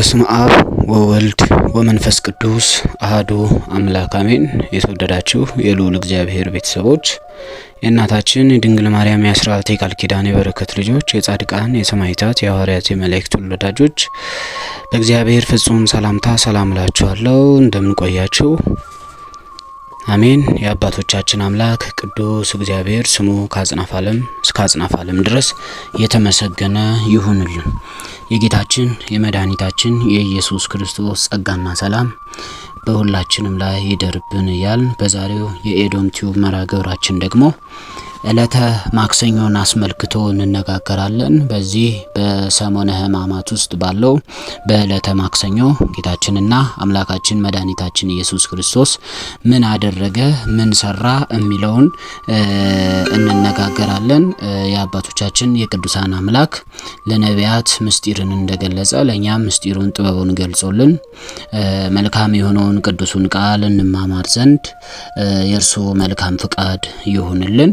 በስም አብ ወወልድ ወመንፈስ ቅዱስ አህዱ አምላክ አሜን። የተወደዳችሁ የልዑል እግዚአብሔር ቤተሰቦች የእናታችን የድንግል ማርያም የአስራት የቃል ኪዳን የበረከት ልጆች የጻድቃን የሰማይታት የሐዋርያት የመላእክት ወዳጆች በእግዚአብሔር ፍጹም ሰላምታ ሰላም እላችኋለሁ። እንደምን አሜን። የአባቶቻችን አምላክ ቅዱስ እግዚአብሔር ስሙ ከአጽናፍ ዓለም እስከ አጽናፍ ዓለም ድረስ የተመሰገነ ይሁንልን። የጌታችን የመድኃኒታችን የኢየሱስ ክርስቶስ ጸጋና ሰላም በሁላችንም ላይ ይደርብን እያልን በዛሬው የኤዶም ቲዩብ መርሃ ግብራችን ደግሞ ዕለተ ማክሰኞን አስመልክቶ እንነጋገራለን። በዚህ በሰሞነ ሕማማት ውስጥ ባለው በዕለተ ማክሰኞ ጌታችንና አምላካችን መድኃኒታችን ኢየሱስ ክርስቶስ ምን አደረገ፣ ምን ሰራ የሚለውን እንነጋገራለን። የአባቶቻችን የቅዱሳን አምላክ ለነቢያት ምስጢርን እንደገለጸ ለእኛም ምስጢሩን ጥበቡን ገልጾልን መልካም የሆነውን ቅዱሱን ቃል እንማማር ዘንድ የእርሱ መልካም ፍቃድ ይሁንልን።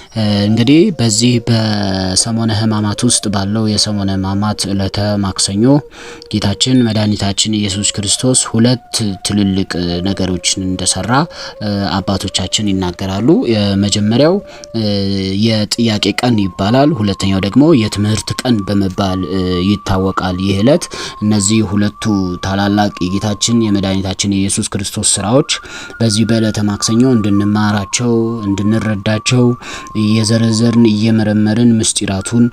እንግዲህ በዚህ በሰሞነ ህማማት ውስጥ ባለው የሰሞነ ህማማት ዕለተ ማክሰኞ ጌታችን መድኃኒታችን ኢየሱስ ክርስቶስ ሁለት ትልልቅ ነገሮችን እንደሰራ አባቶቻችን ይናገራሉ። የመጀመሪያው የጥያቄ ቀን ይባላል። ሁለተኛው ደግሞ የትምህርት ቀን በመባል ይታወቃል። ይህ ዕለት እነዚህ ሁለቱ ታላላቅ የጌታችን የመድኃኒታችን የኢየሱስ ክርስቶስ ስራዎች በዚህ በዕለተ ማክሰኞ እንድንማራቸው እንድንረዳቸው እየዘረዘርን እየመረመርን ምስጢራቱን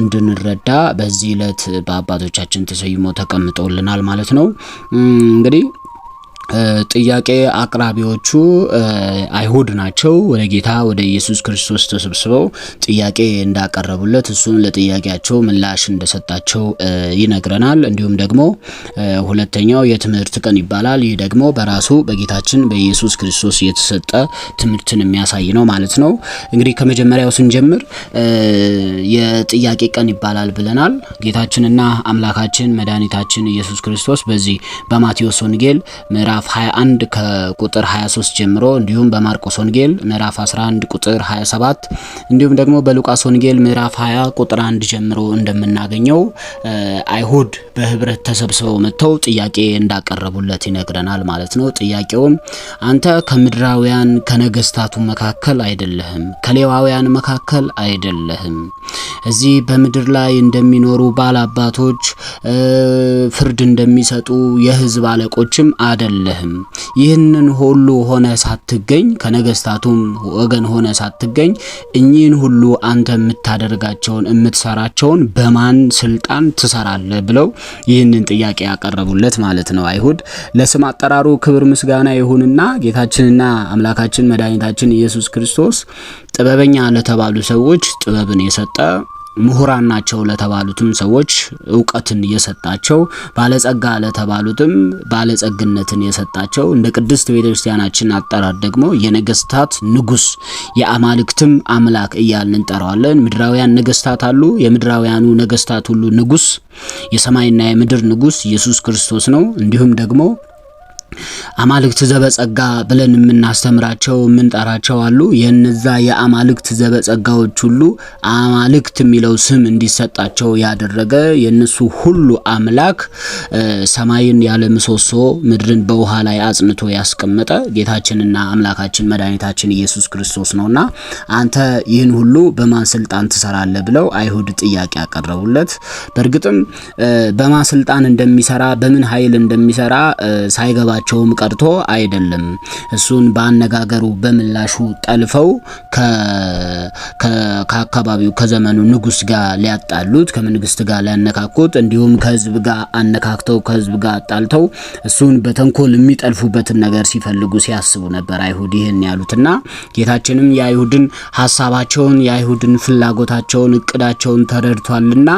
እንድንረዳ በዚህ ዕለት በአባቶቻችን ተሰይሞ ተቀምጦልናል ማለት ነው እንግዲህ ጥያቄ አቅራቢዎቹ አይሁድ ናቸው። ወደ ጌታ ወደ ኢየሱስ ክርስቶስ ተሰብስበው ጥያቄ እንዳቀረቡለት እሱም ለጥያቄያቸው ምላሽ እንደሰጣቸው ይነግረናል። እንዲሁም ደግሞ ሁለተኛው የትምህርት ቀን ይባላል። ይህ ደግሞ በራሱ በጌታችን በኢየሱስ ክርስቶስ የተሰጠ ትምህርትን የሚያሳይ ነው ማለት ነው። እንግዲህ ከመጀመሪያው ስንጀምር የጥያቄ ቀን ይባላል ብለናል። ጌታችንና አምላካችን መድኃኒታችን ኢየሱስ ክርስቶስ በዚህ በማቴዎስ ወንጌል ምዕራ ምዕራፍ 21 ከቁጥር 23 ጀምሮ እንዲሁም በማርቆስ ወንጌል ምዕራፍ 11 ቁጥር 27 እንዲሁም ደግሞ በሉቃስ ወንጌል ምዕራፍ 20 ቁጥር 1 ጀምሮ እንደምናገኘው አይሁድ በህብረት ተሰብስበው መጥተው ጥያቄ እንዳቀረቡለት ይነግረናል ማለት ነው። ጥያቄውም አንተ ከምድራውያን ከነገስታቱ መካከል አይደለህም፣ ከሌዋውያን መካከል አይደለህም። እዚህ በምድር ላይ እንደሚኖሩ ባላባቶች ፍርድ እንደሚሰጡ የህዝብ አለቆችም አደለ አይደለህም። ይህንን ሁሉ ሆነ ሳትገኝ ከነገስታቱም ወገን ሆነ ሳትገኝ እኚህን ሁሉ አንተ የምታደርጋቸውን የምትሰራቸውን በማን ስልጣን ትሰራለህ? ብለው ይህንን ጥያቄ ያቀረቡለት ማለት ነው አይሁድ። ለስም አጠራሩ ክብር ምስጋና ይሁንና ጌታችንና አምላካችን መድኃኒታችን ኢየሱስ ክርስቶስ ጥበበኛ ለተባሉ ሰዎች ጥበብን የሰጠ ምሁራን ናቸው ለተባሉትም ሰዎች እውቀትን የሰጣቸው ባለጸጋ ለተባሉትም ባለጸግነትን የሰጣቸው እንደ ቅድስት ቤተክርስቲያናችን አጠራር ደግሞ የነገስታት ንጉስ የአማልክትም አምላክ እያልን እንጠራዋለን። ምድራውያን ነገስታት አሉ። የምድራውያኑ ነገስታት ሁሉ ንጉስ የሰማይና የምድር ንጉስ ኢየሱስ ክርስቶስ ነው። እንዲሁም ደግሞ አማልክት ዘበጸጋ ብለን የምናስተምራቸው የምንጠራቸው አሉ። የነዛ የአማልክት ዘበጸጋዎች ሁሉ አማልክት የሚለው ስም እንዲሰጣቸው ያደረገ የነሱ ሁሉ አምላክ ሰማይን ያለ ምሰሶ ምድርን በውሃ ላይ አጽንቶ ያስቀመጠ ጌታችንና አምላካችን መድኃኒታችን ኢየሱስ ክርስቶስ ነውና አንተ ይህን ሁሉ በማን ስልጣን ትሰራለ ብለው አይሁድ ጥያቄ ያቀረቡለት በእርግጥም በማን ስልጣን እንደሚሰራ በምን ኃይል እንደሚሰራ ሳይገባ መግደላቸውም ቀርቶ አይደለም እሱን በአነጋገሩ በምላሹ ጠልፈው ከአካባቢው ከዘመኑ ንጉስ ጋር ሊያጣሉት ከመንግስት ጋር ሊያነካኩት እንዲሁም ከህዝብ ጋር አነካክተው ከህዝብ ጋር አጣልተው እሱን በተንኮል የሚጠልፉበትን ነገር ሲፈልጉ ሲያስቡ ነበር አይሁድ ይህን ያሉትና ጌታችንም የአይሁድን ሀሳባቸውን የአይሁድን ፍላጎታቸውን እቅዳቸውን ተረድቷልና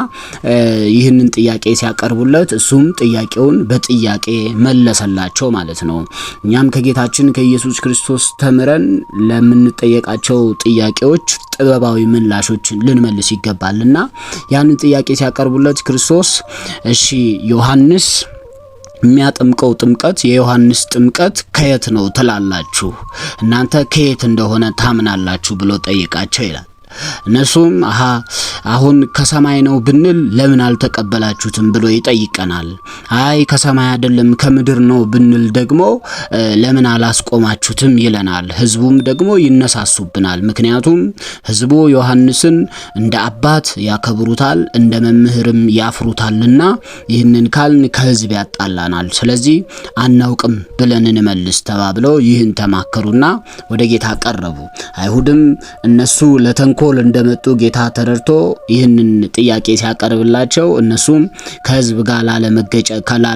ይህንን ጥያቄ ሲያቀርቡለት እሱም ጥያቄውን በጥያቄ መለሰላቸው። ማለት ነው። እኛም ከጌታችን ከኢየሱስ ክርስቶስ ተምረን ለምንጠየቃቸው ጥያቄዎች ጥበባዊ ምላሾችን ልንመልስ ይገባል እና ያንን ጥያቄ ሲያቀርቡለት ክርስቶስ እሺ ዮሐንስ የሚያጠምቀው ጥምቀት የዮሐንስ ጥምቀት ከየት ነው ትላላችሁ? እናንተ ከየት እንደሆነ ታምናላችሁ ብሎ ጠይቃቸው ይላል። እነሱም አሃ አሁን ከሰማይ ነው ብንል ለምን አልተቀበላችሁትም ብሎ ይጠይቀናል። አይ ከሰማይ አይደለም ከምድር ነው ብንል ደግሞ ለምን አላስቆማችሁትም ይለናል። ህዝቡም ደግሞ ይነሳሱብናል። ምክንያቱም ህዝቡ ዮሐንስን እንደ አባት ያከብሩታል፣ እንደ መምህርም ያፍሩታልና ይህንን ካልን ከህዝብ ያጣላናል። ስለዚህ አናውቅም ብለን እንመልስ ተባብለው ይህን ተማከሩና ወደ ጌታ ቀረቡ። አይሁድም እነሱ ለተን ተንኮል እንደመጡ ጌታ ተረድቶ ይህንን ጥያቄ ሲያቀርብላቸው እነሱም ከህዝብ ጋር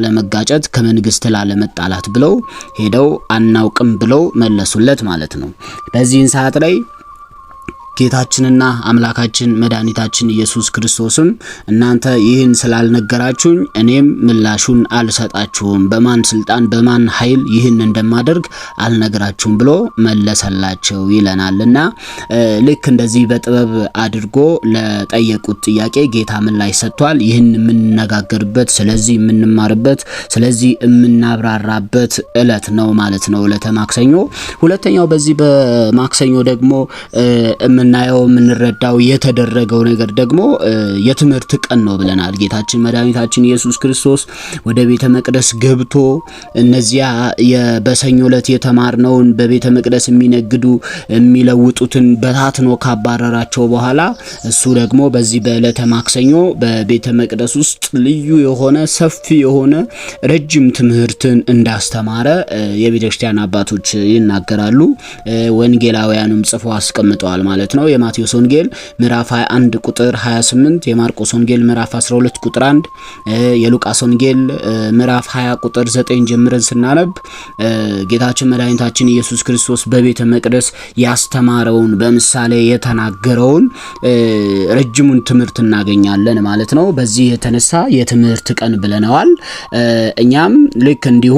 ላለመጋጨት ከመንግስት ላለመጣላት ብለው ሄደው አናውቅም ብለው መለሱለት ማለት ነው። በዚህን ሰዓት ላይ ጌታችንና አምላካችን መድኃኒታችን ኢየሱስ ክርስቶስም እናንተ ይህን ስላልነገራችሁኝ እኔም ምላሹን አልሰጣችሁም፣ በማን ስልጣን በማን ኃይል ይህን እንደማደርግ አልነግራችሁም ብሎ መለሰላቸው ይለናል እና ልክ እንደዚህ በጥበብ አድርጎ ለጠየቁት ጥያቄ ጌታ ምላሽ ሰጥቷል። ይህን የምንነጋገርበት ስለዚህ የምንማርበት ስለዚህ የምናብራራበት እለት ነው ማለት ነው፣ እለተ ማክሰኞ። ሁለተኛው በዚህ በማክሰኞ ደግሞ የምናየው የምንረዳው የተደረገው ነገር ደግሞ የትምህርት ቀን ነው ብለናል። ጌታችን መድኃኒታችን ኢየሱስ ክርስቶስ ወደ ቤተ መቅደስ ገብቶ እነዚያ በሰኞ ዕለት የተማርነውን በቤተ መቅደስ የሚነግዱ የሚለውጡትን በታትኖ ካባረራቸው በኋላ እሱ ደግሞ በዚህ በዕለተ ማክሰኞ በቤተ መቅደስ ውስጥ ልዩ የሆነ ሰፊ የሆነ ረጅም ትምህርትን እንዳስተማረ የቤተክርስቲያን አባቶች ይናገራሉ። ወንጌላውያንም ጽፎ አስቀምጠዋል ማለት ማለት ነው። የማቴዎስ ወንጌል ምዕራፍ 21 ቁጥር 28፣ የማርቆስ ወንጌል ምዕራፍ 12 ቁጥር 1፣ የሉቃስ ወንጌል ምዕራፍ 20 ቁጥር 9 ጀምረን ስናነብ ጌታችን መድኃኒታችን ኢየሱስ ክርስቶስ በቤተ መቅደስ ያስተማረውን በምሳሌ የተናገረውን ረጅሙን ትምህርት እናገኛለን ማለት ነው። በዚህ የተነሳ የትምህርት ቀን ብለነዋል። እኛም ልክ እንዲሁ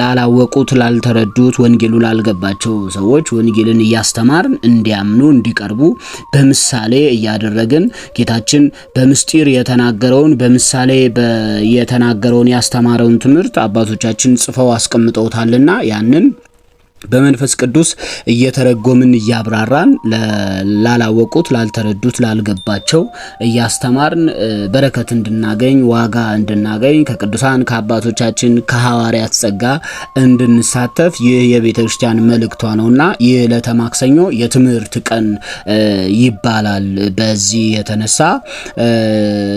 ላላወቁት፣ ላልተረዱት፣ ወንጌሉ ላልገባቸው ሰዎች ወንጌልን እያስተማርን እንዲያምኑ እንዲቀርቡ በምሳሌ እያደረግን ጌታችን በምስጢር የተናገረውን በምሳሌ የተናገረውን ያስተማረውን ትምህርት አባቶቻችን ጽፈው አስቀምጠውታልና ያንን በመንፈስ ቅዱስ እየተረጎምን እያብራራን ላላወቁት፣ ላልተረዱት፣ ላልገባቸው እያስተማርን በረከት እንድናገኝ ዋጋ እንድናገኝ ከቅዱሳን ከአባቶቻችን ከሐዋርያት ጸጋ እንድንሳተፍ ይህ የቤተ ክርስቲያን መልእክቷ ነውና ይህ ዕለተ ማክሰኞ የትምህርት ቀን ይባላል። በዚህ የተነሳ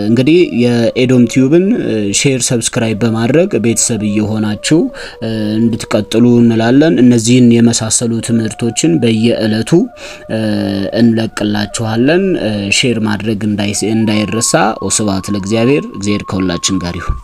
እንግዲህ የኤዶም ቲዩብን ሼር፣ ሰብስክራይብ በማድረግ ቤተሰብ እየሆናችሁ እንድትቀጥሉ እንላለን። እነዚህ እነዚህን የመሳሰሉ ትምህርቶችን በየዕለቱ እንለቅላችኋለን። ሼር ማድረግ እንዳይረሳ። ወስብሐት ለእግዚአብሔር። እግዚአብሔር ከሁላችን ጋር ይሁን።